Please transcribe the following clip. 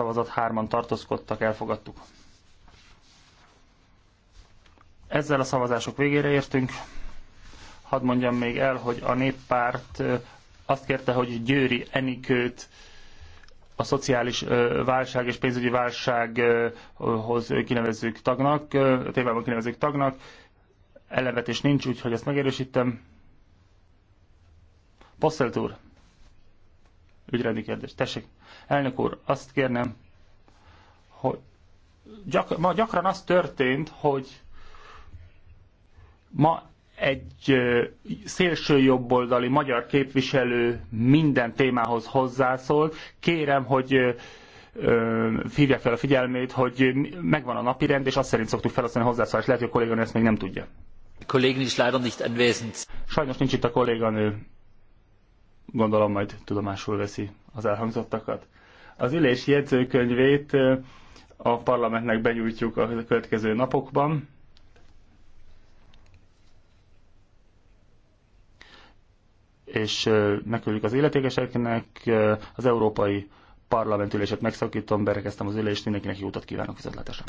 szavazat, hárman tartózkodtak, elfogadtuk. Ezzel a szavazások végére értünk. Hadd mondjam még el, hogy a néppárt azt kérte, hogy Győri Enikőt a szociális válság és pénzügyi válsághoz kinevezzük tagnak, tévában kinevezzük tagnak. Ellenvetés nincs, úgyhogy ezt megerősítem. Posselt úr! ügyrendi kérdés. Tessék, elnök úr, azt kérnem, hogy gyak, ma gyakran az történt, hogy ma egy szélső jobboldali magyar képviselő minden témához hozzászólt. Kérem, hogy hívja fel a figyelmét, hogy megvan a napi rend, és azt szerint szoktuk felhasználni a hozzászólást. Lehet, hogy a kolléganő ezt még nem tudja. is Sajnos nincs itt a kolléganő gondolom majd tudomásul veszi az elhangzottakat. Az ülés jegyzőkönyvét a parlamentnek benyújtjuk a következő napokban. és megküldjük az illetékeseknek. Az Európai Parlament ülését megszakítom, berekeztem az ülést, mindenkinek jó utat kívánok üzletletesen.